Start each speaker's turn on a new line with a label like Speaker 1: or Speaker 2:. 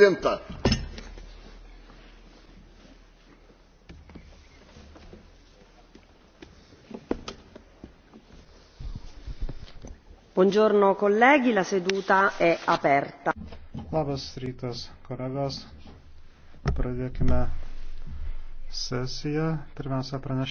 Speaker 1: presidenta.
Speaker 2: Buongiorno colleghi, la seduta è aperta.
Speaker 3: Labas rytas, kolegos. Pradėkime sesiją. Pirmiausia, pranešime.